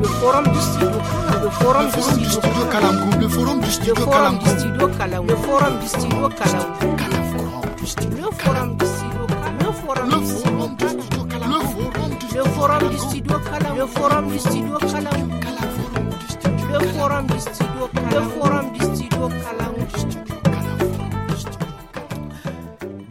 le forum du studio le forum du studio forum du studio le forum du le forum du studio le forum du studio le forum du studio le forum du studio le forum du le forum du forum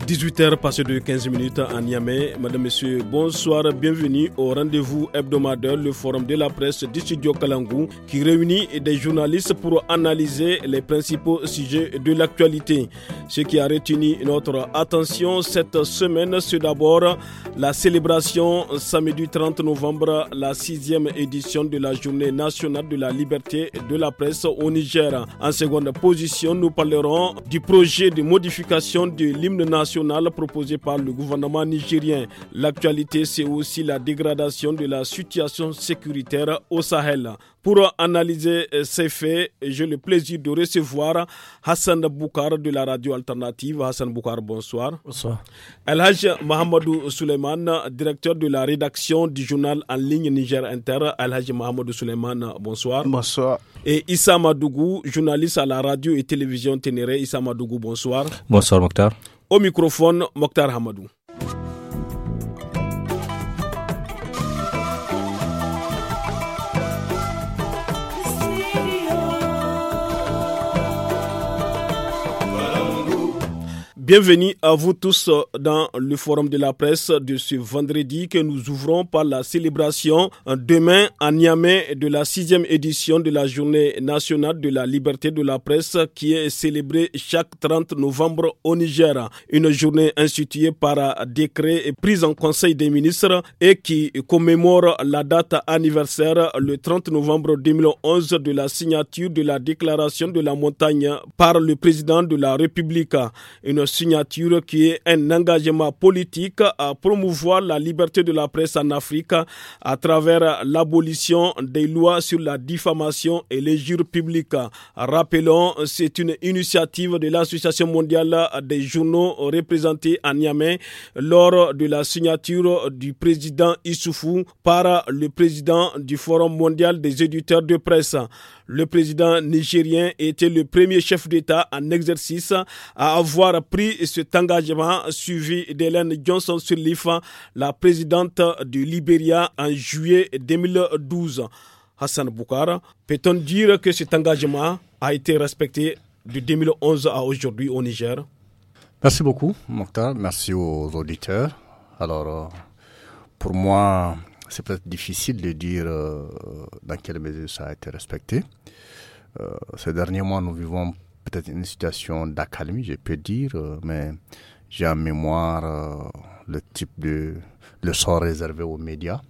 18h passé de 15 minutes à Niamey. Madame, Monsieur, bonsoir, bienvenue au rendez-vous hebdomadaire, le forum de la presse du studio Kalangou, qui réunit des journalistes pour analyser les principaux sujets de l'actualité. Ce qui a retenu notre attention cette semaine, c'est d'abord la célébration samedi 30 novembre, la sixième édition de la Journée nationale de la liberté de la presse au Niger. En seconde position, nous parlerons du projet de modification de l'hymne national Proposé par le gouvernement nigérien. L'actualité, c'est aussi la dégradation de la situation sécuritaire au Sahel. Pour analyser euh, ces faits, j'ai le plaisir de recevoir Hassan Boukar de la radio alternative. Hassan Boukar, bonsoir. Bonsoir. Haj Mohamedou Suleiman, directeur de la rédaction du journal en ligne Niger Inter. Al-Haj Mohamedou Suleiman, bonsoir. Bonsoir. Et Issa Madougou, journaliste à la radio et télévision Ténéré. Issa Madougou, bonsoir. Bonsoir, docteur. Au microphone, Mokhtar Hamadou. Bienvenue à vous tous euh, dans le forum de la presse de ce vendredi que nous ouvrons par la célébration euh, demain à Niamey de la sixième édition de la journée nationale de la liberté de la presse qui est célébrée chaque 30 novembre au Niger. Une journée instituée par décret et prise en conseil des ministres et qui commémore la date anniversaire le 30 novembre 2011 de la signature de la déclaration de la montagne par le président de la République. Une signature qui est un engagement politique à promouvoir la liberté de la presse en Afrique à travers l'abolition des lois sur la diffamation et les jures publiques. Rappelons, c'est une initiative de l'Association mondiale des journaux représentée à Niamey lors de la signature du président Issoufou par le président du Forum mondial des éditeurs de presse. Le président nigérien était le premier chef d'État en exercice à avoir pris cet engagement, suivi d'Hélène Johnson Sirleaf, la présidente du Libéria en juillet 2012. Hassan Boukara, peut-on dire que cet engagement a été respecté de 2011 à aujourd'hui au Niger Merci beaucoup, Mokhtar. Merci aux auditeurs. Alors, euh, pour moi, c'est peut-être difficile de dire euh, dans quelle mesure ça a été respecté. Euh, ces derniers mois, nous vivons peut-être une situation d'accalmie, je peux dire, euh, mais j'ai en mémoire le type de le sort réservé aux médias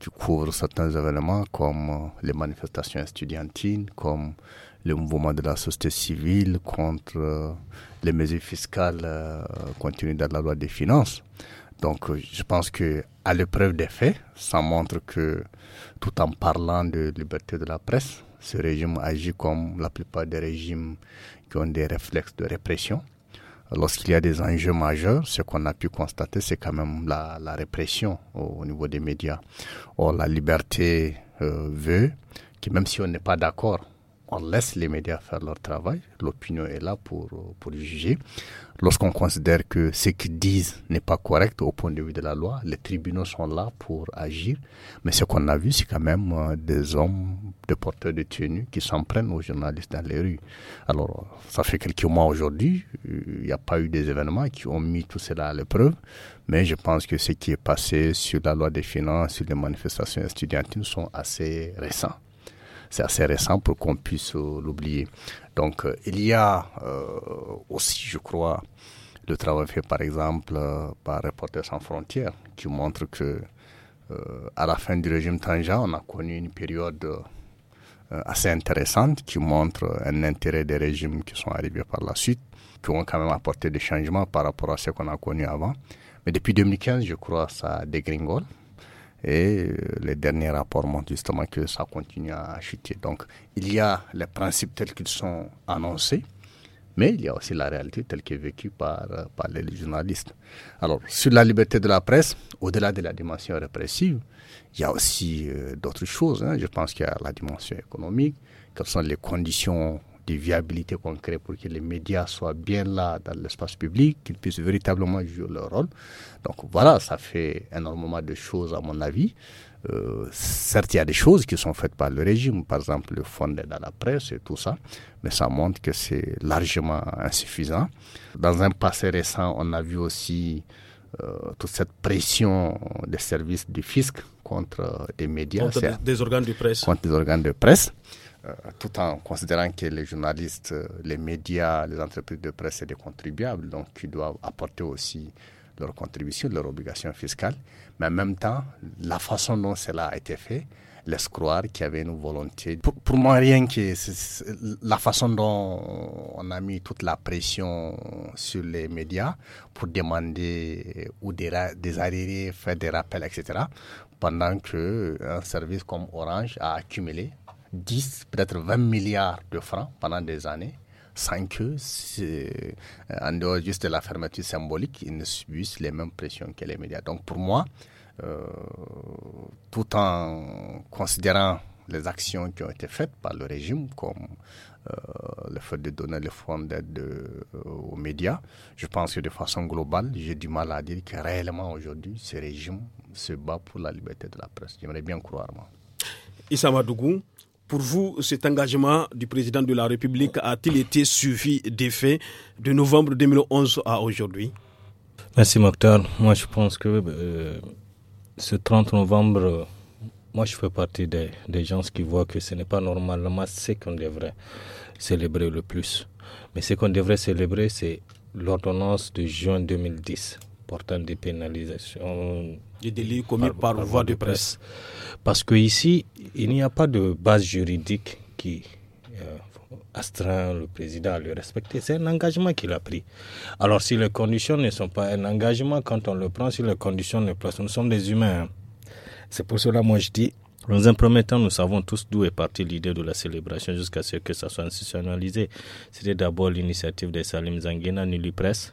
qui couvre certains événements comme les manifestations estudiantines, comme le mouvement de la société civile contre les mesures fiscales contenues dans la loi des finances. Donc, euh, je pense que à l'épreuve des faits, ça montre que tout en parlant de liberté de la presse, ce régime agit comme la plupart des régimes qui ont des réflexes de répression. Lorsqu'il y a des enjeux majeurs, ce qu'on a pu constater, c'est quand même la, répression au, niveau des médias. Or, la liberté euh, veut que même si on n'est pas d'accord, on laisse les médias faire leur travail, l'opinion est là pour, euh, pour juger. Lorsqu'on considère que ce qu'ils disent n'est pas correct au point de vue de la loi, les tribunaux sont là pour agir. Mais ce qu'on a vu, c'est quand même euh, des hommes, de porteurs de tenue qui s'en prennent aux journalistes dans les rues. Alors, euh, ça fait quelques mois aujourd'hui, il n'y a pas eu des événements qui ont mis tout cela à l'épreuve. Mais je pense que ce qui est passé sur la loi des finances, sur les manifestations étudiantines, sont assez récents c'est assez récent pour qu'on puisse euh, l'oublier. Donc euh, il y a euh, aussi, je crois, le travail fait par exemple par Reporters sans frontières qui montre que à la fin du régime Tangent, on a connu une période assez intéressante qui montre un intérêt des régimes qui sont arrivés par la suite, qui ont quand même apporté des changements par rapport à ce qu'on a connu avant. Mais depuis 2015, je crois, ça dégringole. Et euh, les derniers rapports montrent justement que ça continue à chuter. Donc, il y a les principes tels qu'ils sont annoncés, mais il y a aussi la réalité telle qu'elle est vécue par, euh, les journalistes. Alors, sur la liberté de la presse, au-delà de la dimension répressive, il y a aussi euh, d'autres choses. Hein. Je pense qu'il y a la dimension économique, quelles sont les conditions des viabilités concrètes pour que les médias soient bien là dans l'espace public, qu'ils puissent véritablement jouer leur rôle. Donc voilà, ça fait énormément de choses à mon avis. Euh, certes, il y a des choses qui sont faites par le régime, par exemple le fonds d'aide à la presse et tout ça, mais ça montre que c'est largement insuffisant. Dans un passé récent, on a vu aussi euh, toute cette pression des services du fisc contre les euh, médias, contre des organes presse. Contre des organes de presse. Euh, tout en considérant que les journalistes, euh, les médias, les entreprises de presse et des contribuables, donc qui doivent apporter aussi leur contribution, leur obligation fiscale, mais en même temps, la façon dont cela a été fait, laisse croire qu'il y avait une volonté. Pour, moi, rien que la façon dont on a mis toute la pression sur les médias pour demander euh, ou des, arriérés, faire des rappels, etc., pendant qu'un service comme Orange a accumulé 10, peut-être 20 milliards de francs pendant des années, sans que, euh, en dehors juste de la fermeture symbolique, ils ne subissent les mêmes pressions que les médias. Donc pour moi, euh, tout en considérant les actions qui ont été faites par le régime, comme euh, le fait de donner les fonds d'aide aux médias, je pense que de façon globale, j'ai du mal à dire que réellement aujourd'hui, ce régime se bat pour la liberté de la presse. J'aimerais bien croire, moi. Issa Madougou, pour vous, cet engagement du président de la République a-t-il été suivi faits de novembre 2011 à aujourd'hui Merci Mokhtar. Moi je pense que euh, ce 30 novembre, moi je fais partie des, des, gens qui voient que ce n'est pas normalement ce qu'on devrait célébrer le plus. Mais ce qu'on devrait célébrer, c'est l'ordonnance de juin 2010 portant des pénalisations des délits commis par, voie de presse. Parce qu'ici, il n'y a pas de base juridique qui euh, astreint le président à le respecter. C'est un engagement qu'il a pris. Alors, si les conditions ne sont pas un engagement, quand on le prend, si les conditions ne placent, nous sommes des humains. Hein. C'est pour cela, moi, je dis, dans un premier temps, nous savons tous d'où est partie l'idée de la célébration jusqu'à ce que ça soit institutionnalisé. C'était d'abord l'initiative de Salim Zanguena, Nili Presse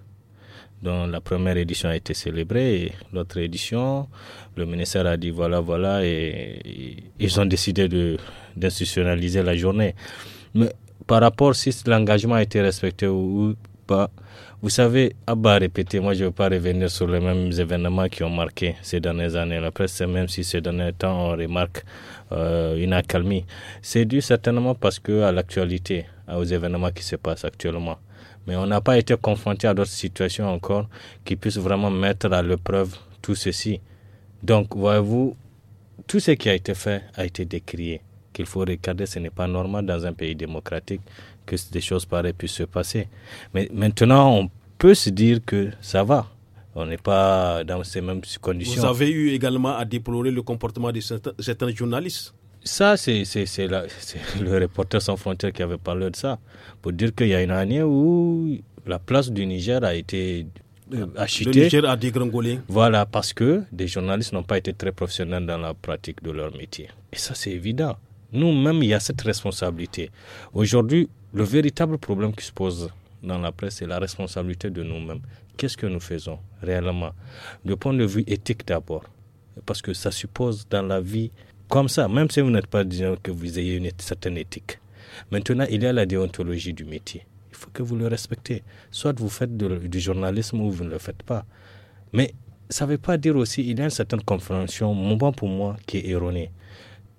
dont la première édition a été célébrée et l'autre édition, le ministère a dit voilà, voilà, et, ils ont décidé d'institutionnaliser la journée. Mais par rapport si l'engagement a été respecté ou, pas, vous savez, à bas répéter, moi je ne veux pas revenir sur les mêmes événements qui ont marqué ces dernières années. La presse, même si ces derniers temps on remarque euh, une accalmie, c'est dû certainement parce que à l'actualité, aux événements qui se passent actuellement. Mais on n'a pas été confronté à d'autres situations encore qui puissent vraiment mettre à l'épreuve tout ceci. Donc, voyez-vous, tout ce qui a été fait a été décrié. Qu'il faut regarder, ce n'est pas normal dans un pays démocratique que des choses pareilles puissent se passer. Mais maintenant, on peut se dire que ça va. On n'est pas dans ces mêmes conditions. Vous avez eu également à déplorer le comportement de certains journalistes ça, c'est le reporter sans frontières qui avait parlé de ça, pour dire qu'il y a une année où la place du Niger a été euh, achetée. Le Niger a dégringolé. Voilà, parce que des journalistes n'ont pas été très professionnels dans la pratique de leur métier. Et ça, c'est évident. Nous-mêmes, il y a cette responsabilité. Aujourd'hui, le véritable problème qui se pose dans la presse, c'est la responsabilité de nous-mêmes. Qu'est-ce que nous faisons réellement Du point de vue éthique d'abord, parce que ça suppose dans la vie comme ça, même si vous n'êtes pas disant que vous ayez une certaine éthique. Maintenant, il y a la déontologie du métier. Il faut que vous le respectez. Soit vous faites du journalisme ou vous ne le faites pas. Mais ça ne veut pas dire aussi, il y a une certaine compréhension, bon pour moi, qui est erronée.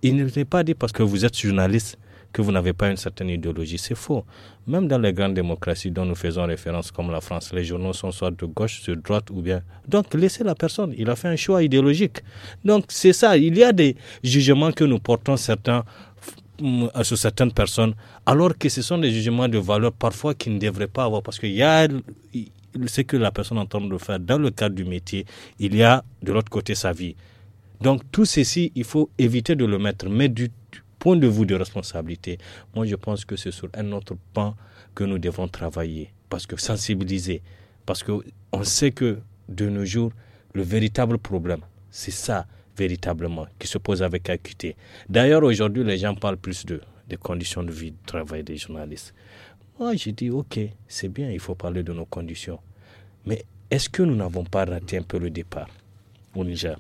Il ne veut pas dit parce que vous êtes journaliste que vous n'avez pas une certaine idéologie. C'est faux. Même dans les grandes démocraties dont nous faisons référence, comme la France, les journaux sont soit de gauche, de droite ou bien. Donc, laissez la personne. Il a fait un choix idéologique. Donc, c'est ça. Il y a des jugements que nous portons certains mm, sur certaines personnes, alors que ce sont des jugements de valeur parfois qui ne devraient pas avoir, parce qu'il y a ce que la personne est en train de faire dans le cadre du métier, il y a de l'autre côté sa vie. Donc tout ceci, il faut éviter de le mettre. Mais du, point de vue de responsabilité, moi je pense que c'est sur un autre pan que nous devons travailler, parce que sensibiliser, parce qu'on sait que de nos jours, le véritable problème, c'est ça véritablement qui se pose avec acuité. D'ailleurs, aujourd'hui, les gens parlent plus de des conditions de vie, de travail des journalistes. Moi, j'ai dit, ok, c'est bien, il faut parler de nos conditions. Mais est-ce que nous n'avons pas raté un peu le départ au Niger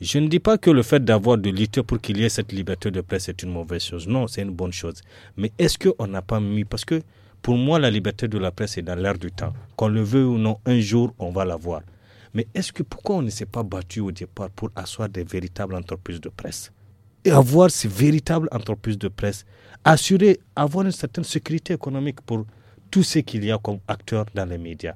je ne dis pas que le fait d'avoir de lutter pour qu'il y ait cette liberté de presse est une mauvaise chose. Non, c'est une bonne chose. Mais est-ce qu'on n'a pas mis... Parce que pour moi, la liberté de la presse est dans l'air du temps. Qu'on le veut ou non, un jour, on va l'avoir. Mais est-ce que pourquoi on ne s'est pas battu au départ pour asseoir des véritables entreprises de presse et avoir ces véritables entreprises de presse, assurer, avoir une certaine sécurité économique pour tout ce qu'il y a comme acteurs dans les médias.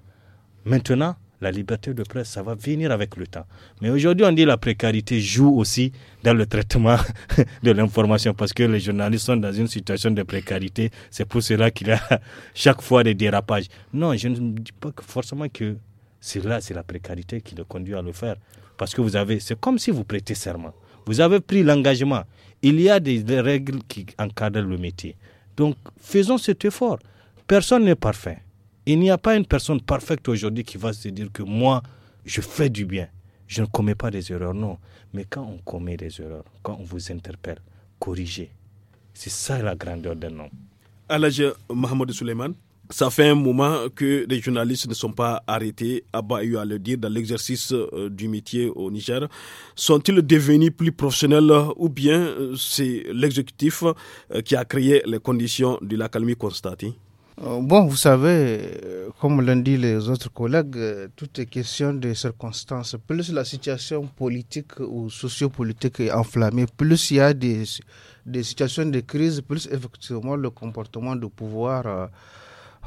Maintenant, la liberté de presse, ça va venir avec le temps. Mais aujourd'hui, on dit la précarité joue aussi dans le traitement de l'information parce que les journalistes sont dans une situation de précarité. C'est pour cela qu'il y a chaque fois des dérapages. Non, je ne dis pas forcément que c'est là, c'est la précarité qui le conduit à le faire. Parce que vous avez, c'est comme si vous prêtez serment. Vous avez pris l'engagement. Il y a des règles qui encadrent le métier. Donc, faisons cet effort. Personne n'est parfait. Il n'y a pas une personne parfaite aujourd'hui qui va se dire que moi, je fais du bien. Je ne commets pas des erreurs, non. Mais quand on commet des erreurs, quand on vous interpelle, corrigez. C'est ça la grandeur d'un homme. Alage Mohamed Souleyman, ça fait un moment que les journalistes ne sont pas arrêtés, eu à le dire, dans l'exercice euh, du métier au Niger. Sont-ils devenus plus professionnels euh, ou bien euh, c'est l'exécutif qui a créé les conditions de l'académie constatée euh, bon, vous savez, euh, comme l'ont dit les autres collègues, euh, tout est question de circonstances. Plus la situation politique ou sociopolitique est enflammée, plus il y a des, des situations de crise, plus effectivement le comportement de pouvoir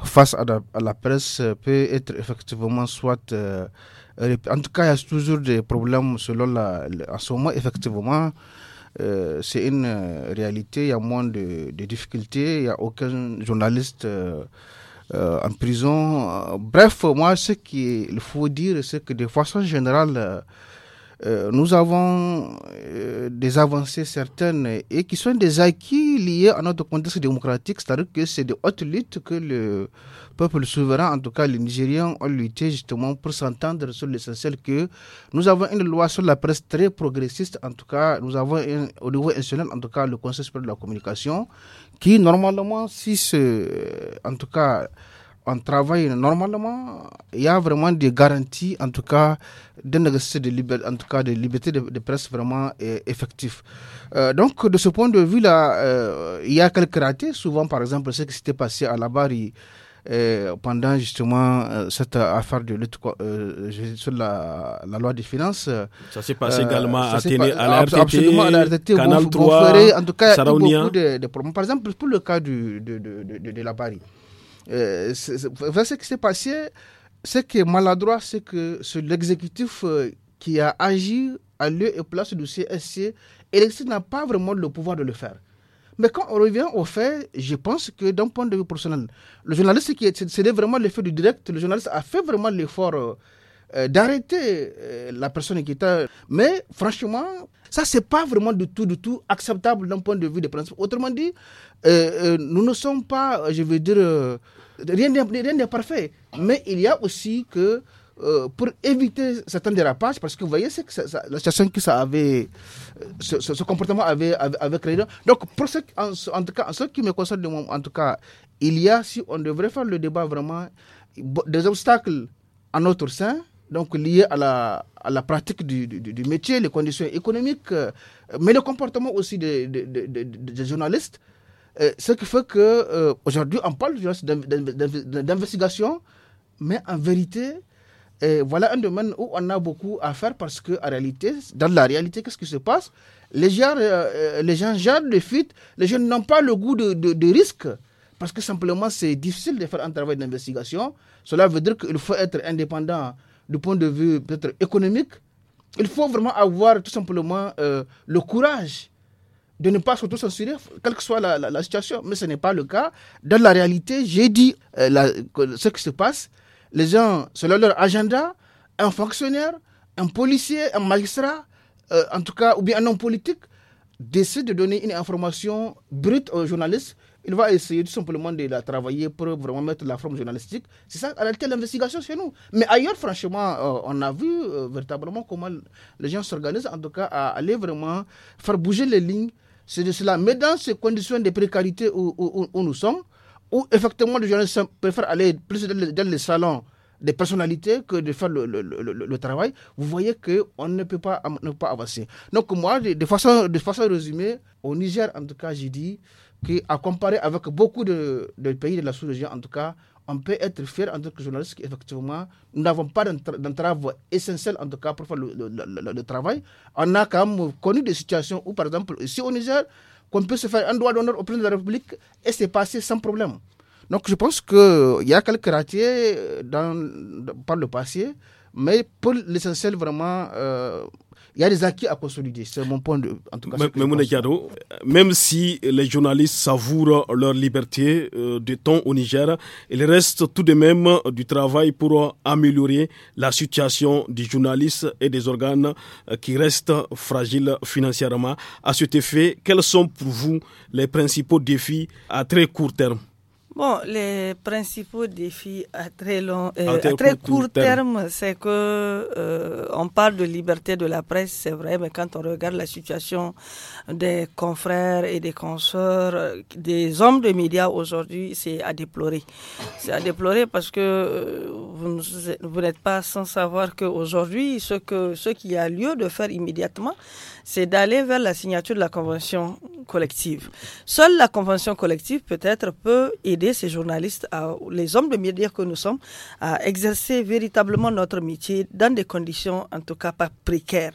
face à la, presse peut être effectivement soit... en tout cas, il y a toujours des problèmes selon la... En ce moment, effectivement, euh, c'est une euh, réalité, il y a moins de, difficultés, il n'y a aucun journaliste euh, en prison. Bref, moi, ce qu'il faut dire, c'est que de façon générale, euh, nous avons euh, des avancées certaines et qui sont des acquis liés à notre contexte démocratique, c'est-à-dire que c'est de hautes luttes que le peuple souverain, en tout cas les Nigériens, ont lutté justement pour s'entendre sur l'essentiel que nous avons une loi sur la presse très progressiste, en tout cas nous avons au niveau national, en tout cas le Conseil supérieur de la communication, qui normalement, si ce, en tout cas on travaille normalement, il y a vraiment des garanties, en tout cas, de, liberté, en tout cas, de liberté de, presse vraiment euh, effectives. effectif. Euh, donc, de ce point de vue-là, euh, il y a quelques ratés. Souvent, par exemple, ce qui s'était passé à la barre pendant justement cette affaire de lutte sur la, loi des finances. Ça s'est passé également à, la RTT, absolument, à la Canal 3, e, en tout cas, beaucoup de, problèmes. Par exemple, pour le cas du, de, de la barre. Euh, ce qui s'est passé, ce qui est maladroit, c'est que l'exécutif euh, qui a agi à lieu et place du CSC l'exécutif n'a pas vraiment le pouvoir de le faire. Mais quand on revient au fait, je pense que d'un point de vue personnel, le journaliste qui c'était vraiment l'effet du direct, le journaliste a fait vraiment l'effort euh, d'arrêter la personne qui était. Mais franchement, ça, c'est pas vraiment du tout, du tout acceptable d'un point de vue des principes. Autrement dit, euh, euh, nous ne sommes pas, je veux dire, euh, rien n'est parfait. Mais il y a aussi que pour éviter certains dérapages, parce que vous voyez, c'est que la situation que ça avait, ce, comportement avait, créé. Donc, pour en, en, tout cas, en ce qui me concerne, en tout cas, il y a, si on devrait faire le débat vraiment, des obstacles à notre sein, donc lié à la, à la pratique du, métier, les conditions économiques, euh, mais le comportement aussi des, journalistes. Euh, ce qui fait que euh, aujourd'hui on parle d'investigation, mais en vérité, voilà un domaine où on a beaucoup à faire parce que, en réalité, dans la réalité, qu'est-ce qui se passe les gens, les gens gèrent les fuites, les gens n'ont pas le goût de, de, de risque parce que simplement c'est difficile de faire un travail d'investigation. Cela veut dire qu'il faut être indépendant du point de vue peut-être économique, il faut vraiment avoir tout simplement euh, le courage de ne pas s'auto-censurer, quelle que soit la, situation. Mais ce n'est pas le cas. Dans la réalité, j'ai dit euh, ce qui se passe. Les gens, selon leur agenda, un fonctionnaire, un policier, un magistrat, euh, en tout cas, ou bien un homme politique, décide de donner une information brute aux journalistes il va essayer tout simplement de la travailler pour vraiment mettre la forme journalistique. C'est ça, en réalité, l'investigation chez nous. Mais ailleurs, franchement, euh, on a vu euh, véritablement comment les gens s'organisent, en tout cas, à aller vraiment faire bouger les lignes. C'est de cela. Mais dans ces conditions de précarité où, nous sommes, où effectivement, les journalistes préfèrent aller plus dans les, salons des personnalités que de faire le, travail, vous voyez qu'on ne peut pas, ne pas avancer. Donc moi, de, façon, de façon résumée, au Niger, en tout cas, j'ai dit, qui, à comparer avec beaucoup de, pays de la sous-région, en tout cas, on peut être fier en tant que journaliste qu'effectivement, nous n'avons pas d'un travail essentiel, en tout cas, pour faire le, travail. On a quand même connu des situations où, par exemple, ici au Niger, qu'on peut se faire un droit d'honneur au président de la République et c'est passé sans problème. Donc je pense qu'il euh, y a quelques ratiers euh, dans, par le passé, mais pour l'essentiel, vraiment, euh, il y a des acquis à consolider. C'est mon point de en tout cas. même si les journalistes savourent leur liberté euh, de temps au Niger, il reste tout de même du travail pour améliorer la situation des journalistes et des organes euh, qui restent fragiles financièrement. À cet effet, quels sont pour vous les principaux défis à très court terme Bon, les principaux défis à très long, euh, très court terme, c'est que euh, on parle de liberté de la presse, c'est vrai, mais quand on regarde la situation des confrères et des consoeurs, des hommes de médias aujourd'hui, c'est à déplorer. C'est à déplorer parce que euh, vous, vous n'êtes pas sans savoir qu'aujourd'hui, ce que ce qui a lieu de faire immédiatement, c'est d'aller vers la signature de la convention collective. Seule la convention collective peut-être peut aider ces journalistes, à, les hommes de médias que nous sommes, à exercer véritablement notre métier dans des conditions en tout cas pas précaires.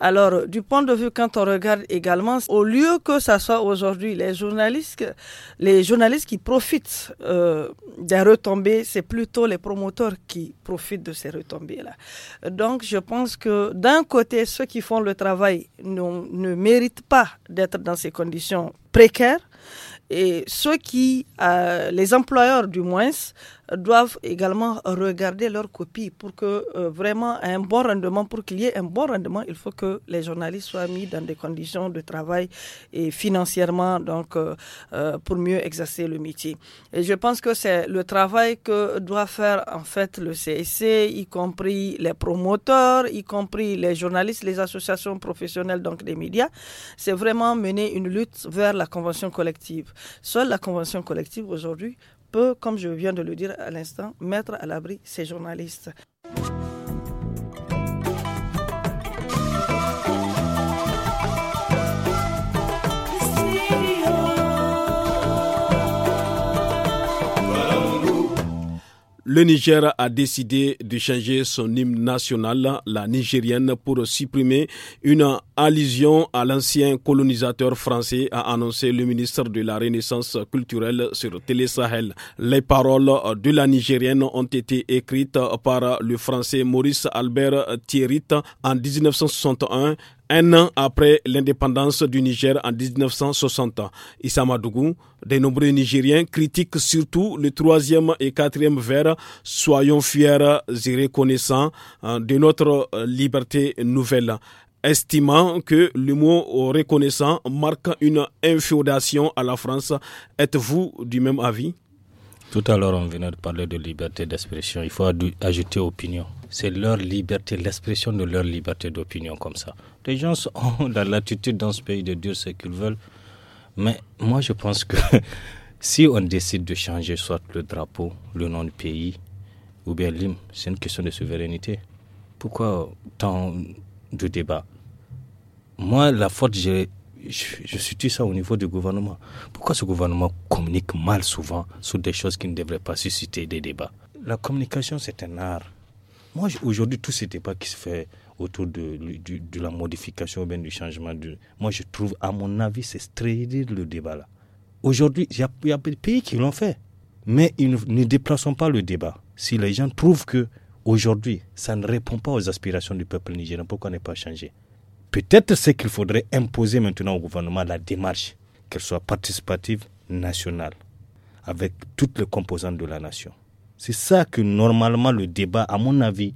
Alors, du point de vue, quand on regarde également, au lieu que ce soit aujourd'hui les journalistes, les journalistes qui profitent euh, des retombées, c'est plutôt les promoteurs qui profitent de ces retombées-là. Donc, je pense que d'un côté, ceux qui font le travail ne, méritent pas d'être dans ces conditions précaires et ceux qui, euh, les employeurs du moins, doivent également regarder leurs copie pour que euh, vraiment un bon rendement, pour qu'il y ait un bon rendement, il faut que les journalistes soient mis dans des conditions de travail et financièrement, donc, euh, euh, pour mieux exercer le métier. Et je pense que c'est le travail que doit faire, en fait, le CSC, y compris les promoteurs, y compris les journalistes, les associations professionnelles, donc les médias. C'est vraiment mener une lutte vers la convention collective. Seule la convention collective aujourd'hui peut, comme je viens de le dire à l'instant, mettre à l'abri ces journalistes. Le Niger a décidé de changer son hymne national, la nigérienne, pour supprimer une allusion à l'ancien colonisateur français, a annoncé le ministre de la Renaissance culturelle sur Télé Sahel. Les paroles de la nigérienne ont été écrites par le français Maurice Albert Thierry en 1961 un an après l'indépendance du Niger en 1960. Issa Madougou, de nombreux Nigériens critiquent surtout le troisième et quatrième vers Soyons fiers et reconnaissants euh, de notre euh, liberté nouvelle estimant que le mot euh, reconnaissant marque une infiodation à la France. Êtes-vous du même avis tout à l'heure, on venait de parler de liberté d'expression. Il faut ajouter opinion. C'est leur liberté, l'expression de leur liberté d'opinion comme ça. Les gens ont la latitude dans ce pays de dire ce qu'ils veulent. Mais moi, je pense que si on décide de changer soit le drapeau, le nom du pays, ou bien l'hymne, c'est une question de souveraineté. Pourquoi tant de débats Moi, la faute, j'ai je, suis situe ça au niveau du gouvernement. Pourquoi ce gouvernement communique mal souvent sur des choses qui ne devraient pas susciter des débats La communication, c'est un art. Moi, aujourd'hui, tous ces débats qui se font autour de, la modification ou bien du changement, de, moi, je trouve, à mon avis, c'est stérilisé le débat là. Aujourd'hui, il y, a des pays qui l'ont fait, mais ils ne, déplaçons pas le débat. Si les gens trouvent que aujourd'hui, ça ne répond pas aux aspirations du peuple nigérien, pourquoi ne pas changé Peut-être c'est qu'il faudrait imposer maintenant au gouvernement la démarche, qu'elle soit participative, nationale, avec toutes les composantes de la nation. C'est ça que normalement le débat, à mon avis,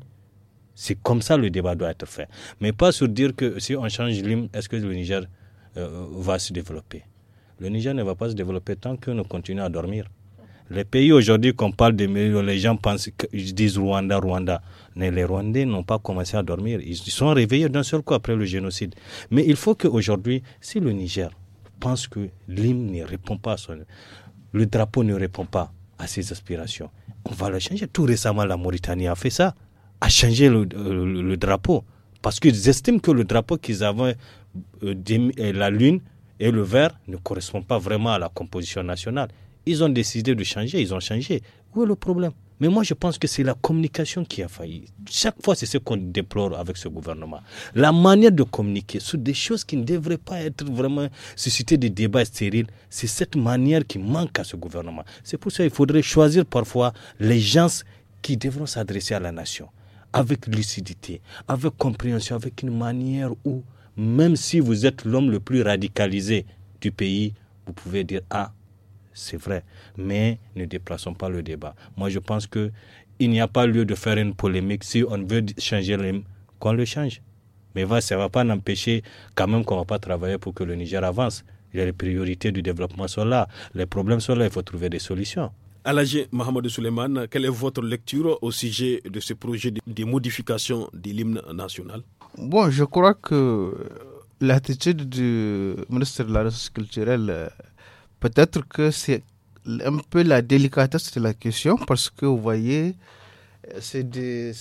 c'est comme ça le débat doit être fait. Mais pas sur dire que si on change l'hymne, est-ce que le Niger euh, va se développer Le Niger ne va pas se développer tant que nous continuons à dormir. Les pays aujourd'hui qu'on parle de millions, les gens pensent, qu'ils disent Rwanda, Rwanda. Mais les Rwandais n'ont pas commencé à dormir. Ils sont réveillés d'un seul coup après le génocide. Mais il faut qu'aujourd'hui, si le Niger pense que l'hymne ne répond pas à son... Le drapeau ne répond pas à ses aspirations, on va le changer. Tout récemment, la Mauritanie a fait ça, a changé le, drapeau. Parce qu'ils estiment que le drapeau qu'ils avaient, euh, euh, la lune et le vert, ne correspond pas vraiment à la composition nationale. Ils ont décidé de changer, ils ont changé. Où est le problème mais moi, je pense que c'est la communication qui a failli. Chaque fois, c'est ce qu'on déplore avec ce gouvernement. La manière de communiquer sur des choses qui ne devraient pas être vraiment susciter des débats stériles, c'est cette manière qui manque à ce gouvernement. C'est pour ça qu'il faudrait choisir parfois les gens qui devront s'adresser à la nation avec lucidité, avec compréhension, avec une manière où, même si vous êtes l'homme le plus radicalisé du pays, vous pouvez dire, ah, c'est vrai, mais ne déplaçons pas le débat. Moi, je pense que il n'y a pas lieu de faire une polémique. Si on veut changer l'hymne, qu'on le change. Mais va, ça ne va pas empêcher quand même qu'on ne va pas travailler pour que le Niger avance. Les priorités du développement sont là, les problèmes sont là, il faut trouver des solutions. Alagé Mohamed Souleymane, quelle est votre lecture au sujet de ce projet de modification de l'hymne national Bon, je crois que l'attitude du ministre de la Ressource culturelle euh, Peut-être que c'est un peu la délicatesse de la question parce que vous voyez, c'est des,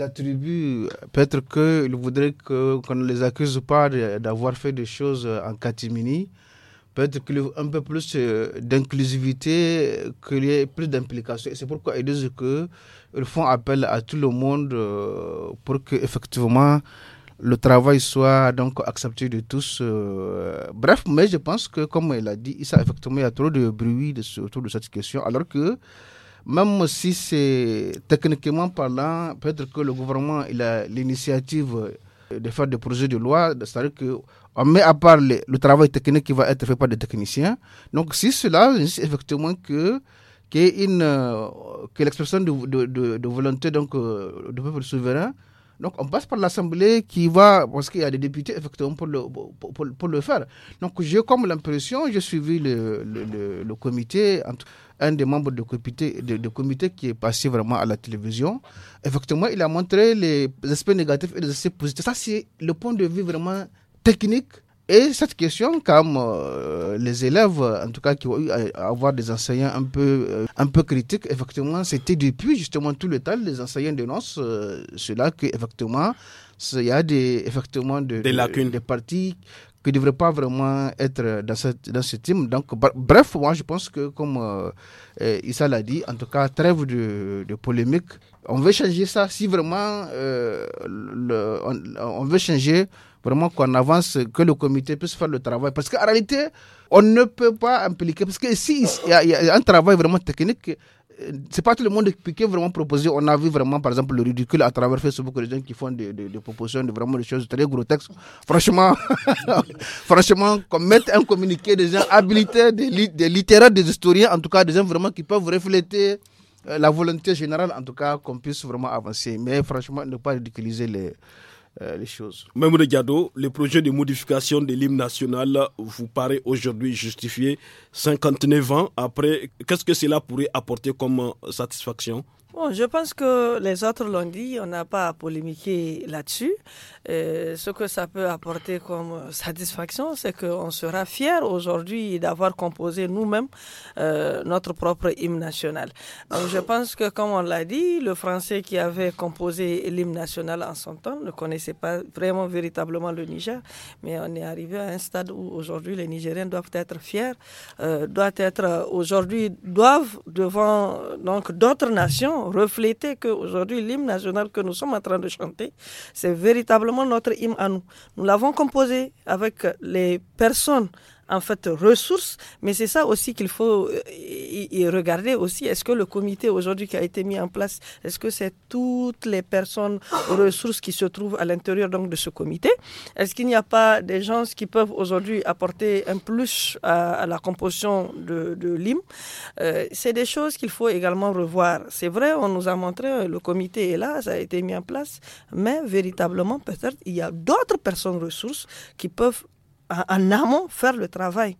attributs. Peut-être qu'ils voudraient qu'on ne les accuse pas d'avoir fait des choses en catimini. Peut-être qu'il y ait un peu plus euh, d'inclusivité, qu'il y ait plus d'implication. C'est pourquoi ils disent qu'ils font appel à tout le monde euh, pour qu'effectivement le travail soit donc accepté de tous. Euh, bref, mais je pense que, comme il a dit, il y a trop de bruit autour de cette question, alors que même si c'est techniquement parlant, peut-être que le gouvernement il a l'initiative euh, de faire des projets de loi, c'est-à-dire que on met à part le travail technique qui va être fait par des techniciens. Donc, si cela, effectivement que que, une, euh, que l'expression de, de, volonté donc, du peuple souverain donc on passe par l'Assemblée qui va, parce qu'il y a des députés effectivement pour le, pour, le faire. Donc j'ai comme l'impression, j'ai suivi le, le, le, comité, un des membres du de comité, de, de comité qui est passé vraiment à la télévision. Effectivement, il a montré les aspects négatifs et les aspects positifs. Ça, c'est le point de vue vraiment technique et cette question, comme euh, les élèves, en tout cas, qui ont eu à avoir des enseignants un peu, euh, un peu critiques, effectivement, c'était depuis justement tout le temps, les enseignants dénoncent euh, cela que effectivement, il y a des, effectivement de, des lacunes. Des parties qui ne pas vraiment être dans, cette, dans ce team. Donc, bref, moi, je pense que, comme euh, euh, Issa l'a dit, en tout cas, trêve de, polémique. On veut changer ça. Si vraiment euh, on, veut changer, vraiment qu'on avance, que le comité puisse faire le travail. Parce qu'en réalité, on ne peut pas impliquer. Parce que si il y, a un travail vraiment technique c'est pas tout le monde qui peut vraiment proposé. On a vu vraiment, par exemple, le ridicule à travers Facebook, les gens qui font des, propositions de vraiment des choses très grotesques. Franchement, franchement, qu'on mette un communiqué des gens habilités, des, des littéraires, des historiens, en tout cas, des gens vraiment qui peuvent refléter euh, la volonté générale, en tout cas, qu'on puisse vraiment avancer. Mais franchement, ne pas ridiculiser les, euh, les choses. Même Gado, le projet de modification de l'hymne national vous paraît aujourd'hui justifié 59 ans après. Qu'est-ce que cela pourrait apporter comme satisfaction Bon, je pense que les autres l'ont dit, on n'a pas à polémiquer là-dessus. Euh, ce que ça peut apporter comme satisfaction, c'est qu'on sera fiers aujourd'hui d'avoir composé nous-mêmes euh, notre propre hymne national. Donc, je pense que, comme on l'a dit, le français qui avait composé l'hymne national en son temps ne connaissait pas vraiment véritablement le Niger, mais on est arrivé à un stade où aujourd'hui les Nigériens doivent être fiers, euh, doivent être aujourd'hui, doivent devant donc d'autres nations refléter qu'aujourd'hui, l'hymne national que nous sommes en train de chanter, c'est véritablement notre hymne à nous. Nous l'avons composé avec les personnes en fait ressources, mais c'est ça aussi qu'il faut euh, regarder aussi. Est-ce que le comité aujourd'hui qui a été mis en place, est-ce que c'est toutes les personnes ressources qui se trouvent à l'intérieur donc de ce comité Est-ce qu'il n'y a pas des gens qui peuvent aujourd'hui apporter un plus à, la composition de, de l'IM euh, C'est des choses qu'il faut également revoir. C'est vrai, on nous a montré euh, le comité est là, ça a été mis en place, mais véritablement peut-être il y a d'autres personnes ressources qui peuvent en amont faire le travail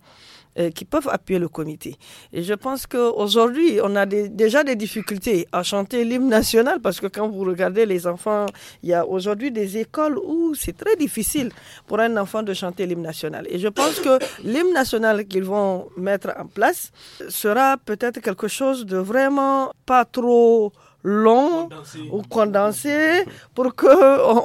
euh, qui peuvent appuyer le comité. Et je pense qu'aujourd'hui, on a déjà des difficultés à chanter l'hymne national parce que quand vous regardez les enfants, il y a aujourd'hui des écoles où c'est très difficile pour un enfant de chanter l'hymne national. Et je pense que l'hymne national qu'ils vont mettre en place sera peut-être quelque chose de vraiment pas trop long ou condensé pour que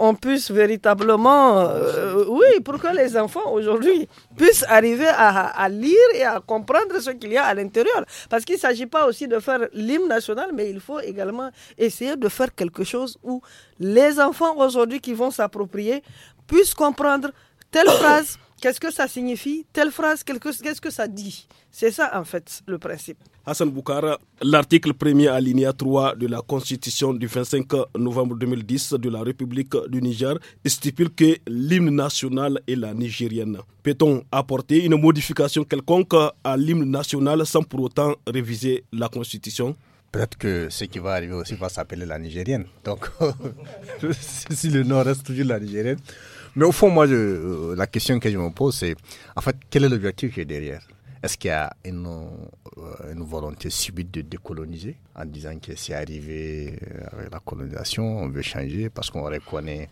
on, puisse véritablement euh, oui pour que les enfants aujourd'hui puissent arriver à, à, lire et à comprendre ce qu'il y a à l'intérieur parce qu'il ne s'agit pas aussi de faire l'hymne national mais il faut également essayer de faire quelque chose où les enfants aujourd'hui qui vont s'approprier puissent comprendre telle phrase Qu'est-ce que ça signifie Telle phrase, qu'est-ce que ça dit C'est ça, en fait, le principe. Hassan Boukara, l'article 1er alinéa 3 de la Constitution du 25 novembre 2010 de la République du Niger stipule que l'hymne national est la nigérienne. Peut-on apporter une modification quelconque à l'hymne national sans pour autant réviser la Constitution Peut-être que ce qui va arriver aussi va s'appeler la nigérienne. Donc, si le nom reste toujours la nigérienne, mais au fond, moi, euh, la question que je me pose, c'est en fait, quel est l'objectif qui est derrière est-ce qu'il y a euh, une, volonté subite de décoloniser en disant que c'est arrivé euh, avec la colonisation, on veut changer parce qu'on reconnaît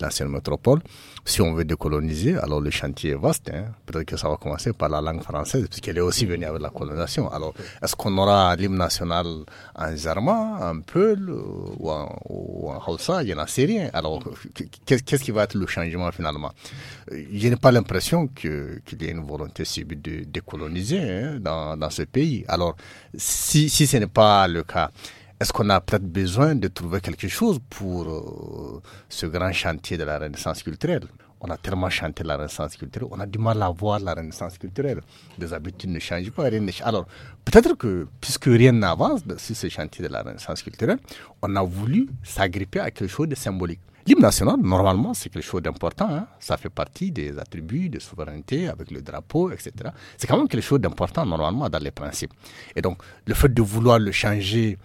l'ancienne métropole Si on veut décoloniser, alors le chantier est vaste. Hein. Peut-être que ça va commencer par la langue française puisqu'elle est aussi venue avec la colonisation. Alors, est-ce qu'on aura l'hymne national en Zarma, en Peul ou en, ou en n'y en a rien. Alors, qu'est-ce qui va être le changement finalement euh, Je n'ai pas l'impression qu'il y ait une volonté subite de décoloniser Hein, dans, ce pays. Alors, si, si ce n'est pas le cas, est-ce qu'on a peut-être besoin de trouver quelque chose pour euh, ce grand chantier de la Renaissance culturelle on a tellement chanté la Renaissance culturelle, on a du mal à voir la Renaissance culturelle. Les habitudes ne changent pas, Alors, peut-être que, puisque rien n'avance sur ce chantier de la Renaissance culturelle, on a voulu s'agripper à quelque chose de symbolique. L'hymne national, normalement, c'est quelque chose d'important. Hein. Ça fait partie des attributs de souveraineté avec le drapeau, etc. C'est quand même quelque chose d'important, normalement, dans les principes. Et donc, le fait de vouloir le changer,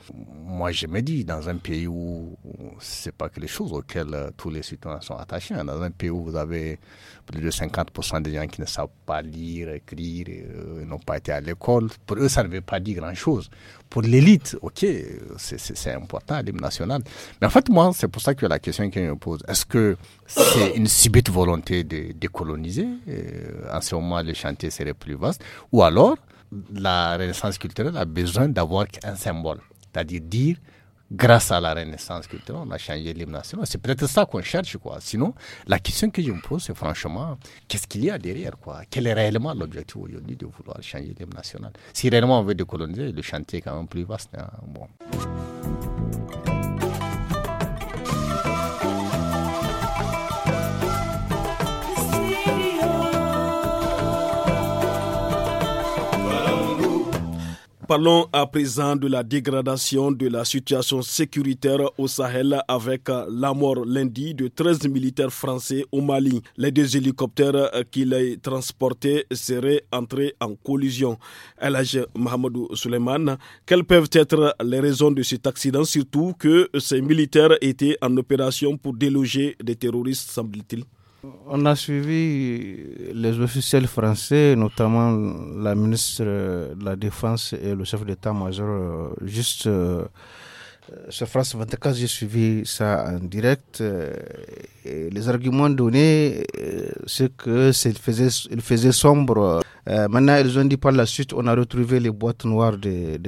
moi, je me dis, dans un pays où c'est pas quelque chose auquel euh, tous les citoyens sont attachés, hein. dans un pays où vous avez plus de 50% des gens qui ne savent pas lire, écrire, euh, n'ont pas été à l'école, pour eux, ça ne veut pas dire grand-chose. Pour l'élite, ok, c'est important, l'hymne national. Mais en fait, moi, c'est pour ça que la question que pose. Est-ce que c'est une subite volonté de décoloniser euh, En ce moment, le chantier serait plus vaste. Ou alors, la Renaissance culturelle a besoin d'avoir un symbole, c'est-à-dire dire grâce à la Renaissance culturelle, on a changé l'hymne national. C'est peut-être ça qu'on cherche, quoi. Sinon, la question que je me pose, c'est franchement, qu'est-ce qu'il y a derrière, quoi Quel est réellement l'objectif aujourd'hui de vouloir changer l'hymne national Si réellement on veut décoloniser, le chantier est quand même plus vaste. Hein. Bon. Parlons à présent de la dégradation de la situation sécuritaire au Sahel avec la mort lundi de 13 militaires français au Mali. Les deux hélicoptères qui les transportaient seraient entrés en collision. Elage Mohamedou Suleiman, quelles peuvent être les raisons de cet accident, surtout que ces militaires étaient en opération pour déloger des terroristes, semble-t-il? On a suivi les officiels français, notamment la ministre de la Défense et le chef d'état-major. Euh, juste euh, euh, sur France 24, j'ai suivi ça en direct. les arguments donnés, c'est que il faisait, sombre. maintenant, ils ont dit par la suite, on a retrouvé les boîtes noires des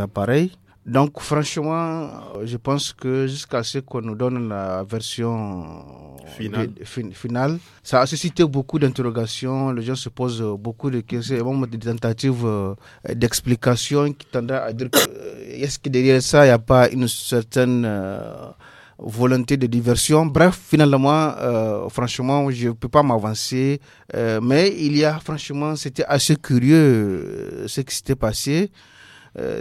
appareils. Donc franchement, je pense que jusqu'à ce qu'on nous donne la version euh, finale, ça a suscité beaucoup d'interrogations. Les gens se posent beaucoup de questions des tentatives euh, d'explication qui tendent à dire euh, est-ce que derrière ça, il n'y a pas une certaine volonté de diversion. Bref, finalement, franchement, je ne peux pas m'avancer. mais il y a, franchement, c'était assez curieux ce qui s'était passé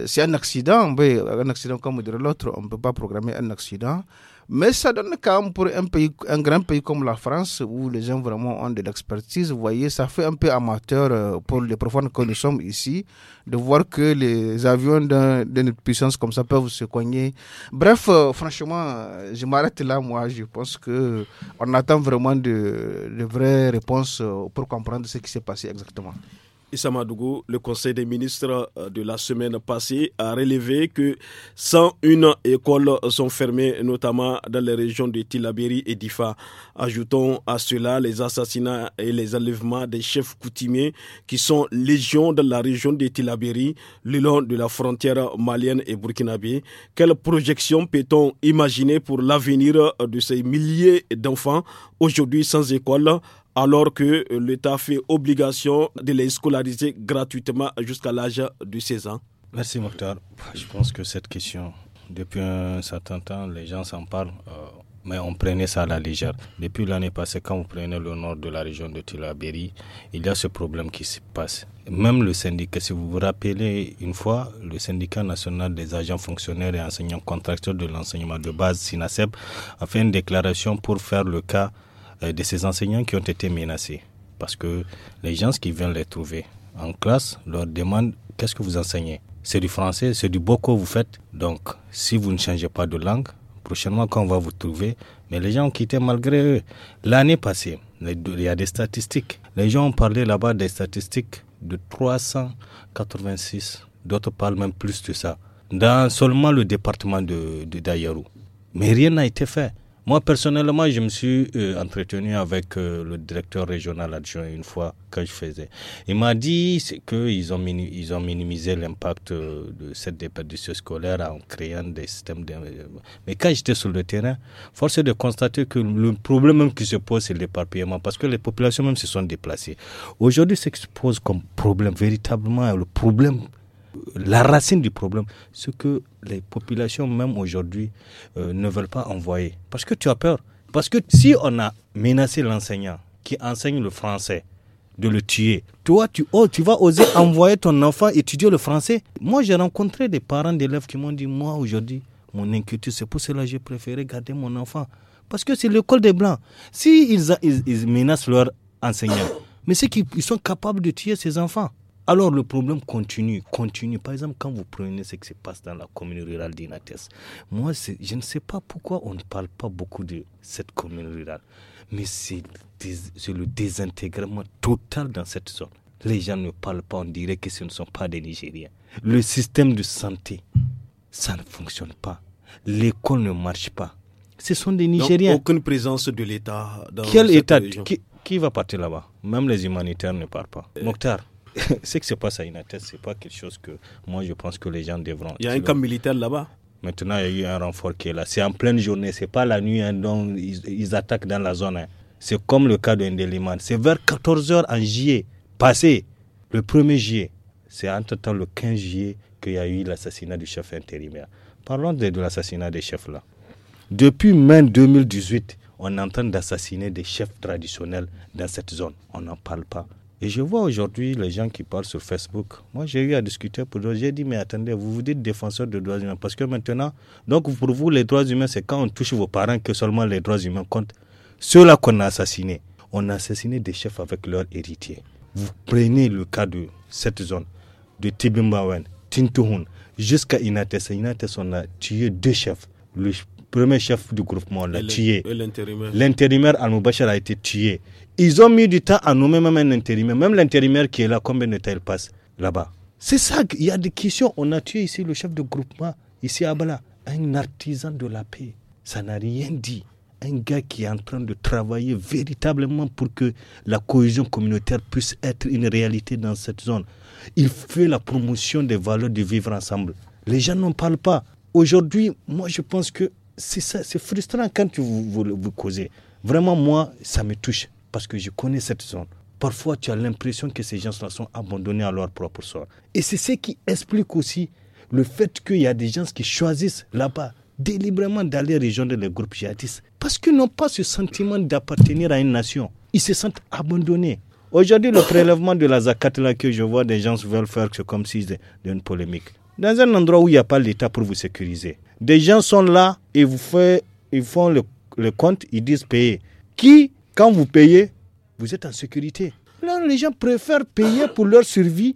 c'est euh, un accident, un accident comme dirait l'autre, on ne peut pas programmer un accident. Mais ça donne quand même pour un pays, un grand pays comme la France, où les gens vraiment ont de l'expertise, vous voyez, ça fait un peu amateur euh, pour les profondes que nous sommes ici, de voir que les avions d'une puissance comme ça peuvent se cogner. Bref, euh, franchement, je m'arrête là, moi, je pense qu'on attend vraiment de vraies réponses pour comprendre ce qui s'est passé exactement. Samadougou, le Conseil des ministres euh, de la semaine passée a relevé que 101 écoles euh, sont fermées, notamment dans les régions de Tilaberi et d'Ifa. Ajoutons à cela les assassinats et les enlèvements des chefs coutumiers qui sont légions dans la région de Tilaberi, le long de la frontière malienne et burkinabé. Quelle projection peut-on imaginer pour l'avenir euh, de ces milliers d'enfants aujourd'hui sans école alors que l'État fait obligation de les scolariser gratuitement jusqu'à l'âge de 16 ans Merci Mokhtar. Je pense que cette question, depuis un certain temps, les gens s'en parlent. Euh, mais on prenait ça à la légère. Depuis l'année passée, quand vous prenez le nord de la région de Tilaberi, il y a ce problème qui se passe. Même le syndicat, si vous vous rappelez une fois, le syndicat national des agents fonctionnaires et enseignants contracteurs de l'enseignement de base, SINASEB, a fait une déclaration pour faire le cas euh, de ces enseignants qui ont été menacés. Parce que les gens qui viennent les trouver en classe leur demandent qu'est-ce que vous enseignez C'est du français, c'est du boko vous faites. Donc, si vous ne changez pas de langue, prochainement quand on va vous trouver, mais les gens ont quitté malgré eux. L'année passée, il y a des statistiques. Les gens ont parlé là-bas des statistiques de 386. D'autres parlent même plus de ça. Dans seulement le département de, de Dayaru. Mais rien n'a été fait. Moi, personnellement, je me suis euh, entretenu avec euh, le directeur régional adjoint une fois que je faisais. Il m'a dit qu'ils ont, ils ont minimisé l'impact euh, de cette déperdition scolaire en créant des systèmes. De... Mais quand j'étais sur le terrain, force est de constater que le problème même qui se pose, c'est l'éparpillement, parce que les populations même se sont déplacées. Aujourd'hui, ce qui se pose comme problème, véritablement, le problème la racine du problème, ce que les populations, même aujourd'hui, euh, ne veulent pas envoyer. Parce que tu as peur. Parce que si on a menacé l'enseignant qui enseigne le français, de le tuer. Toi, tu, oh, tu vas oser envoyer ton enfant étudier le français. Moi, j'ai rencontré des parents d'élèves qui m'ont dit, moi, aujourd'hui, mon inquiétude, c'est pour cela que j'ai préféré garder mon enfant. Parce que c'est l'école des Blancs. S'ils si ils, menacent leur enseignant, mais c'est qu'ils sont capables de tuer ces enfants. Alors le problème continue, continue. Par exemple, quand vous prenez ce qui se passe dans la commune rurale d'Inates, moi, je ne sais pas pourquoi on ne parle pas beaucoup de cette commune rurale, mais c'est le désintégrement total dans cette zone. Les gens ne parlent pas, on dirait que ce ne sont pas des Nigériens. Le système de santé, ça ne fonctionne pas. L'école ne marche pas. Ce sont des Nigériens. Donc, aucune présence de l'État dans Quel cette État Qui, qui va partir là-bas Même les humanitaires ne partent pas. Euh, Mokhtar, c'est que c'est pas ça une tête, c'est pas quelque chose que moi je pense que les gens devront. Il y a un camp militaire là-bas. Maintenant, il y a eu un renfort qui est là. C'est en pleine journée, c'est pas la nuit hein, ils, attaquent dans la zone. Hein. C'est comme le cas de Ndeliman. C'est vers 14h en juillet passé, le 1er juillet. C'est entre-temps le 15 juillet qu'il y a eu l'assassinat du chef intérimaire. Parlons de, l'assassinat des chefs là. Depuis mai 2018, on est en train d'assassiner des chefs traditionnels dans cette zone. On n'en parle pas. Et je vois aujourd'hui les gens qui parlent sur Facebook. Moi, j'ai eu à discuter pour eux. J'ai dit, mais attendez, vous vous dites défenseur des droits humains. Parce que maintenant, donc pour vous, les droits humains, c'est quand on touche vos parents que seulement les droits humains comptent. Ceux-là qu'on a assassinés, on a assassiné des chefs avec leurs héritiers. Vous prenez le cas de cette zone, de Tibimbaouen, Tintuhun, jusqu'à Inates. Inates, on a tué deux chefs. Le premier chef du groupement, l'a tué. L'intérimaire. L'intérimaire Al-Mubashar a été tué. Ils ont mis du temps à nommer même un intérimaire. Même l'intérimaire qui est là, combien de temps il passe là-bas C'est ça, qu'il y a des questions. On a tué ici le chef de groupement, ici à Bala, un artisan de la paix. Ça n'a rien dit. Un gars qui est en train de travailler véritablement pour que la cohésion communautaire puisse être une réalité dans cette zone. Il fait la promotion des valeurs de vivre ensemble. Les gens n'en parlent pas. Aujourd'hui, moi, je pense que c'est ça, c'est frustrant quand vous, vous, vous causez. Vraiment, moi, ça me touche parce que je connais cette zone. Parfois, tu as l'impression que ces gens-là sont abandonnés à leur propre sort. Et c'est ce qui explique aussi le fait qu'il y a des gens qui choisissent là-bas délibérément d'aller rejoindre les groupes djihadistes parce qu'ils n'ont pas ce sentiment d'appartenir à une nation. Ils se sentent abandonnés. Aujourd'hui, le prélèvement de la zakat là que je vois des gens veulent faire, c'est comme si c'était une polémique. Dans un endroit où il n'y a pas l'État pour vous sécuriser, des gens sont là et vous fait, ils font le, le compte, ils disent payer. Qui, quand vous payez, vous êtes en sécurité. Là, les gens préfèrent payer pour leur survie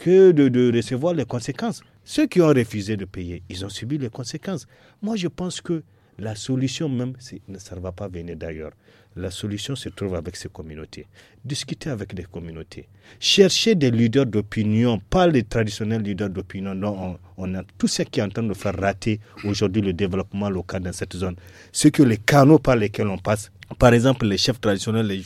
que de recevoir les conséquences. Ceux qui ont refusé de payer, ils ont subi les conséquences. Moi, je pense que la solution même, ça ne va pas venir d'ailleurs. La solution se trouve avec ces communautés. Discuter avec les communautés. Chercher des leaders d'opinion, pas les traditionnels leaders d'opinion. Non, on, a tout ce qui est en train de faire rater aujourd'hui le développement local dans cette zone. Ce que les canaux par lesquels on passe, par exemple les chefs traditionnels, les,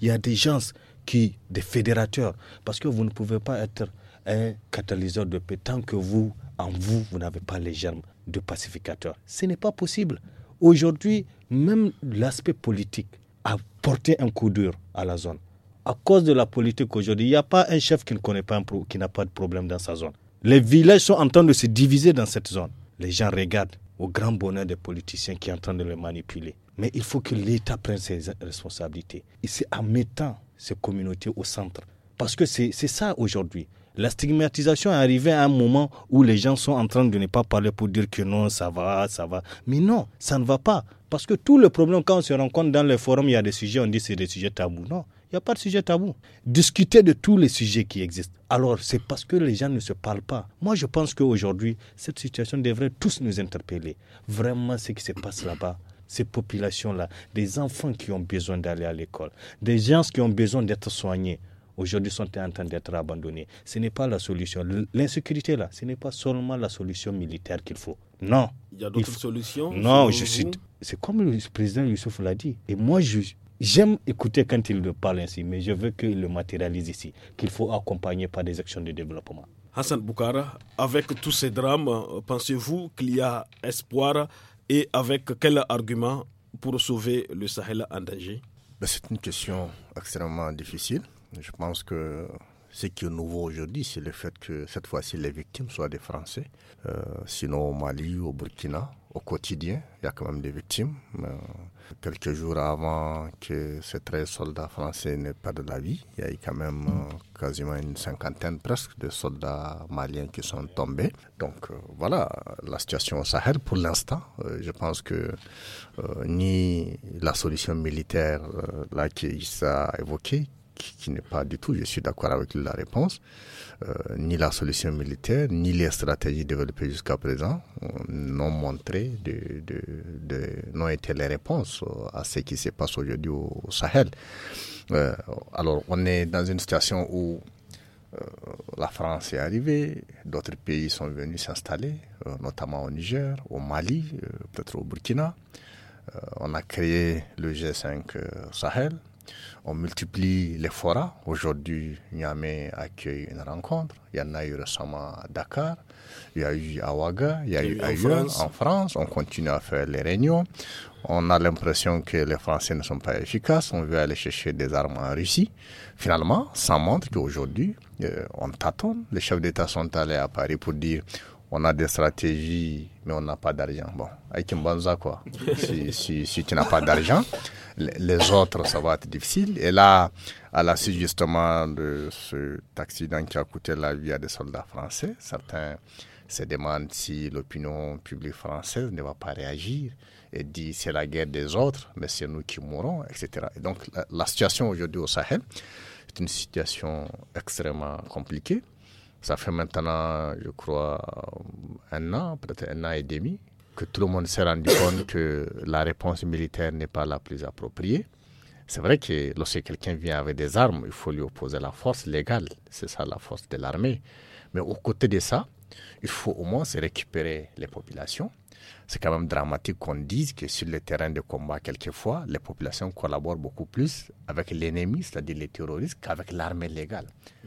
il y a des gens qui, des fédérateurs, parce que vous ne pouvez pas être un catalyseur de paix tant que vous, en vous, vous n'avez pas les germes de pacificateur. Ce n'est pas possible. Aujourd'hui, même l'aspect politique a porté un coup dur à la zone. À cause de la politique aujourd'hui, il n'y a pas un chef qui ne connaît pas un qui n'a pas de problème dans sa zone. Les villages sont en train de se diviser dans cette zone. Les gens regardent au grand bonheur des politiciens qui sont en train de les manipuler. Mais il faut que l'État prenne ses responsabilités. Et c'est en mettant ces communautés au centre. Parce que c'est ça aujourd'hui. La stigmatisation est arrivée à un moment où les gens sont en train de ne pas parler pour dire que non, ça va, ça va. Mais non, ça ne va pas. Parce que tout le problème, quand on se rencontre dans les forums, il y a des sujets, on dit c'est des sujets tabous. Non, il n'y a pas de sujet tabou. Discuter de tous les sujets qui existent. Alors, c'est parce que les gens ne se parlent pas. Moi, je pense qu'aujourd'hui, cette situation devrait tous nous interpeller. Vraiment, ce qui se passe là-bas ces populations-là, des enfants qui ont besoin d'aller à l'école, des gens qui ont besoin d'être soignés aujourd'hui sont en train d'être abandonnés. Ce n'est pas la solution. L'insécurité, là, ce n'est pas seulement la solution militaire qu'il faut. Non. Il y a d'autres solutions Non, je cite. C'est comme le président Youssouf l'a dit. Et moi, je, J'aime écouter quand il le parle ainsi, mais je veux qu'il le matérialise ici, qu'il faut accompagner par des actions de développement. Hassan Boukara, avec tous ces drames, pensez-vous qu'il y a espoir et avec quel argument pour sauver le Sahel en danger ben, C'est une question extrêmement difficile. Je pense que ce qui est nouveau aujourd'hui, c'est le fait que cette fois-ci, les victimes soient des Français. Euh, sinon, au Mali, au Burkina, au quotidien, il y a quand même des victimes. Euh, quelques jours avant que ces 13 soldats français ne perdent la vie, il y a eu quand même euh, quasiment une cinquantaine presque de soldats maliens qui sont tombés. Donc voilà la situation au Sahel pour l'instant. je pense que ni la solution militaire là qui a évoquée, qui, n'est pas du tout, je suis d'accord avec la réponse, euh, ni la solution militaire, ni les stratégies développées jusqu'à présent euh, n'ont montré, de, n'ont été les réponses à ce qui se passe aujourd'hui au, Sahel. Euh, alors on est dans une situation où la France est arrivée, d'autres pays sont venus s'installer, notamment au Niger, au Mali, peut-être au Burkina. on a créé le G5 Sahel on multiplie les forats. Aujourd'hui, Niamey accueille une rencontre. Il y en a eu récemment à Dakar, il y a eu à Ouaga, il y a eu à en, en France. On continue à faire les réunions. On a l'impression que les Français ne sont pas efficaces. On veut aller chercher des armes en Russie. Finalement, ça montre qu'aujourd'hui, euh, on tâtonne. Les chefs d'État sont allés à Paris pour dire on a des stratégies, mais on n'a pas d'argent. Bon, avec Mbanza, quoi. si, si, si, tu n'as pas d'argent, les autres, ça va être difficile. Et là, à la suite justement de cet accident qui a coûté la vie à des soldats français, certains se demandent si l'opinion publique française ne va pas réagir et dit c'est la guerre des autres, mais c'est nous qui mourons, etc. donc la, la situation aujourd'hui au Sahel, c'est une situation extrêmement compliquée ça fait maintenant, je crois, un an, peut-être un an et demi, que tout le monde s'est rendu compte que la réponse militaire n'est pas la plus appropriée. C'est vrai que lorsque quelqu'un vient avec des armes, il faut lui opposer la force légale. C'est ça la force de l'armée. Mais aux côtés de ça, il faut au moins récupérer les populations. C'est quand même dramatique qu'on dise que sur le terrain de combat, quelquefois, les populations collaborent beaucoup plus avec l'ennemi, c'est-à-dire les terroristes, qu'avec l'armée légale.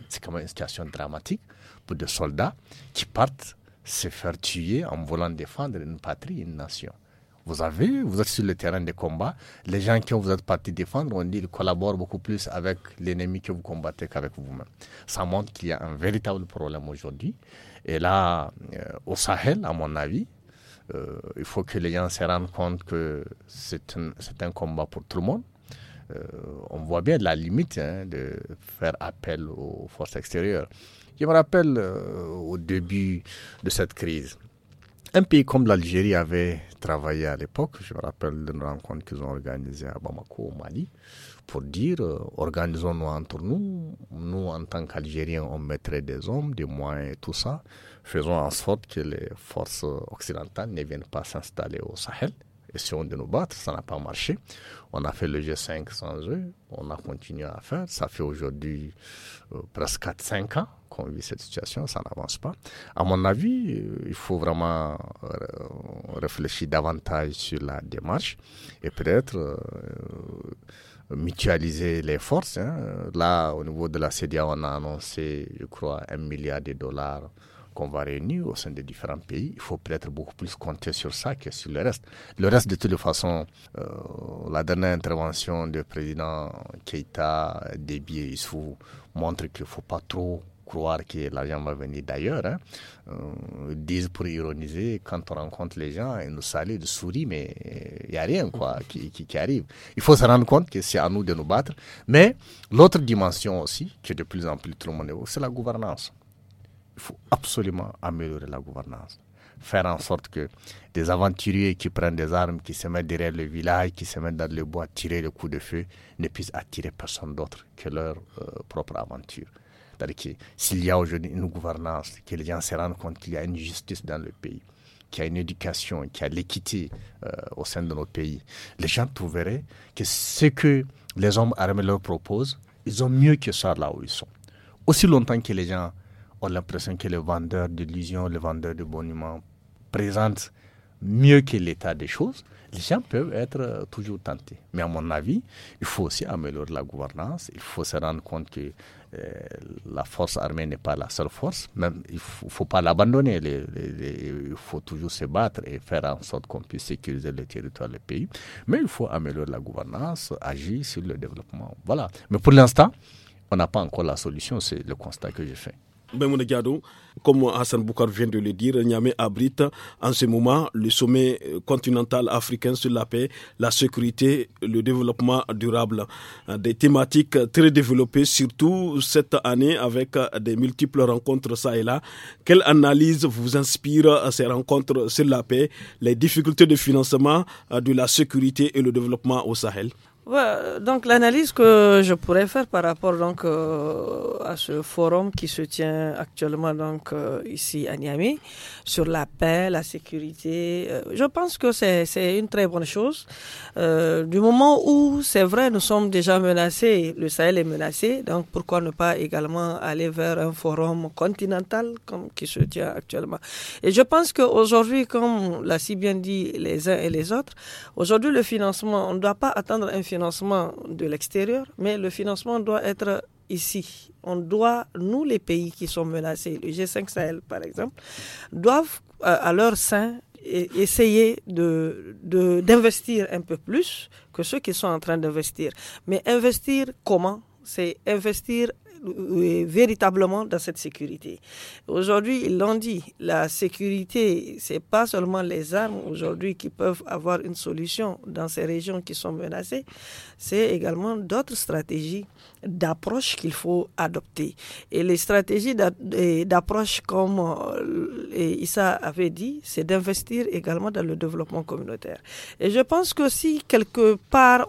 C'est quand même une situation dramatique de soldats qui partent se faire tuer en voulant défendre une patrie, une nation. Vous avez, vous êtes sur le terrain de combat. Les gens qui vous êtes partis défendre, on dit, ils collaborent beaucoup plus avec l'ennemi que vous combattez qu'avec vous-même. Ça montre qu'il y a un véritable problème aujourd'hui. Et là, euh, au Sahel, à mon avis, euh, il faut que les gens se rendent compte que c'est un, combat pour tout le monde. Euh, on voit bien la limite hein, de faire appel aux forces extérieures. Je me rappelle euh, au début de cette crise, un pays comme l'Algérie avait travaillé à l'époque, je me rappelle d'une rencontre qu'ils ont organisée à Bamako, au Mali, pour dire euh, organisons-nous entre nous, nous en tant qu'Algériens, on mettrait des hommes, des moyens et tout ça, faisons en sorte que les forces occidentales ne viennent pas s'installer au Sahel de nous battre, ça n'a pas marché. On a fait le G5 sans eux, on a continué à faire. Ça fait aujourd'hui euh, presque 4-5 ans qu'on vit cette situation, ça n'avance pas. À mon avis, euh, il faut vraiment euh, réfléchir davantage sur la démarche et peut-être mutualiser les forces. Hein. Là, au niveau de la CDA, on a annoncé, je crois, un milliard de dollars qu'on va réunir au sein des différents pays, il faut peut-être beaucoup plus compter sur ça que sur le reste. Le reste, de toute façon, euh, la dernière intervention du président Keita, Déby il Issou montre qu'il ne faut pas trop croire que l'argent va venir d'ailleurs. Hein. Euh, disent pour ironiser, quand on rencontre les gens, ils nous saluent, ils sourient, mais il n'y a rien quoi, qui, arrive. Il faut se rendre compte que c'est à nous de nous battre. Mais l'autre dimension aussi, qui est de plus en plus trop le monde c'est la gouvernance il faut absolument améliorer la gouvernance. Faire en sorte que des aventuriers qui prennent des armes, qui se mettent derrière le village, qui se mettent dans le bois, tirer le coup de feu, ne puissent attirer personne d'autre que leur euh, propre aventure. C'est-à-dire que s'il y a aujourd'hui une gouvernance, que les gens se rendent compte qu'il y a une justice dans le pays, qu'il y a une éducation, qu'il y a l'équité euh, au sein de notre pays, les gens trouveraient que ce que les hommes armés leur proposent, ils ont mieux que ça là où ils sont. Aussi longtemps que les gens l'impression que les vendeurs d'illusions, les vendeurs de bonhomie présentent mieux que l'état des choses, les gens peuvent être euh, toujours tentés. Mais à mon avis, il faut aussi améliorer la gouvernance, il faut se rendre compte que euh, la force armée n'est pas la seule force, même il ne faut, pas l'abandonner, il faut toujours se battre et faire en sorte qu'on puisse sécuriser le territoire, le pays, mais il faut améliorer la gouvernance, agir sur le développement. Voilà. Mais pour l'instant, on n'a pas encore la solution, c'est le constat que j'ai fait comme Hassan Boukar vient de le dire, Niamey abrite en ce moment le sommet continental africain sur la paix, la sécurité, le développement durable. Des thématiques très développées, surtout cette année avec des multiples rencontres ça et là. Quelle analyse vous inspire à ces rencontres sur la paix, les difficultés de financement de la sécurité et le développement au Sahel donc l'analyse que je pourrais faire par rapport donc euh, à ce forum qui se tient actuellement donc euh, ici à Niamey sur la paix, la sécurité, euh, je pense que c'est une très bonne chose. du moment où c'est vrai nous sommes déjà menacés, le Sahel est menacé, donc pourquoi ne pas également aller vers un forum continental comme qui se tient actuellement. Et je pense qu'aujourd'hui, comme l'a si bien dit les uns et les autres, aujourd'hui le financement, on ne doit pas attendre un financement financement de l'extérieur, mais le financement doit être ici. On doit, nous les pays qui sont menacés, le G5 Sahel par exemple, doivent euh, à leur sein e-, essayer de, d'investir un peu plus que ceux qui sont en train d'investir. Mais investir comment C'est investir euh, euh, véritablement dans cette sécurité. Aujourd'hui, ils l'ont dit, la sécurité, c'est pas seulement les armes aujourd'hui qui peuvent avoir une solution dans ces régions qui sont menacées, c'est également d'autres stratégies d'approche qu'il faut adopter. Et les stratégies d'approche, comme euh, Issa avait dit, c'est d'investir également dans le développement communautaire. Et je pense que si quelque part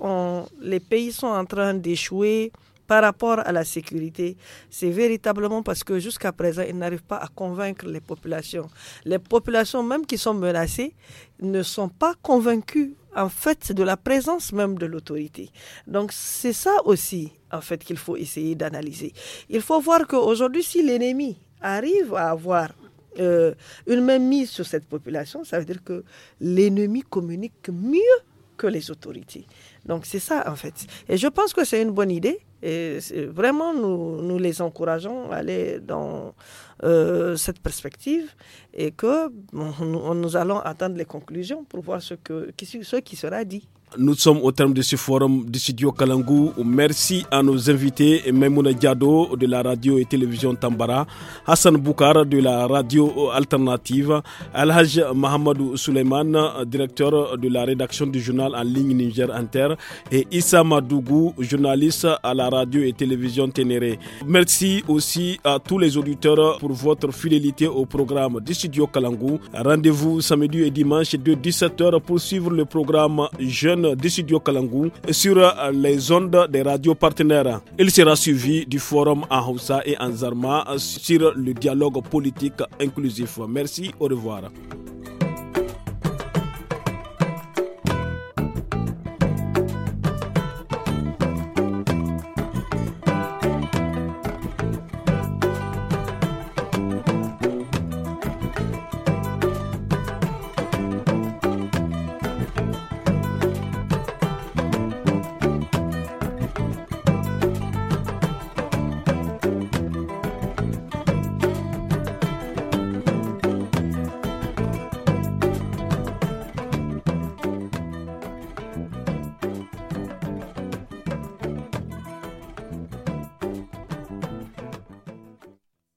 les pays sont en train d'échouer, par rapport à la sécurité, c'est véritablement parce que jusqu'à présent, ils n'arrivent pas à convaincre les populations. Les populations même qui sont menacées ne sont pas convaincues en fait de la présence même de l'autorité. Donc c'est ça aussi en fait qu'il faut essayer d'analyser. Il faut voir qu'aujourd'hui, si l'ennemi arrive à avoir euh, une même mise sur cette population, ça veut dire que l'ennemi communique mieux que les autorités. Donc c'est ça en fait. Et je pense que c'est une bonne idée. Et vraiment, nous, nous les encourageons à aller dans, euh, cette perspective et que nous, allons attendre les conclusions pour voir ce, que, ce qui sera dit. Nous sommes au terme de ce forum du studio Kalangu. Merci à nos invités, Memouna Diado de la radio et télévision Tambara, Hassan Boukar de la radio alternative, Alhaj Mohamedou Suleiman, directeur de la rédaction du journal en ligne Niger Inter, et Issa Madougou, journaliste à la radio et télévision Ténéré. Merci aussi à tous les auditeurs votre fidélité au programme de studio Kalangou. Rendez-vous samedi et dimanche de 17h pour suivre le programme Jeunes du studio Kalangou sur les ondes des radios partenaires. Il sera suivi du forum à Houssa et en Zarma sur le dialogue politique inclusif. Merci, au revoir.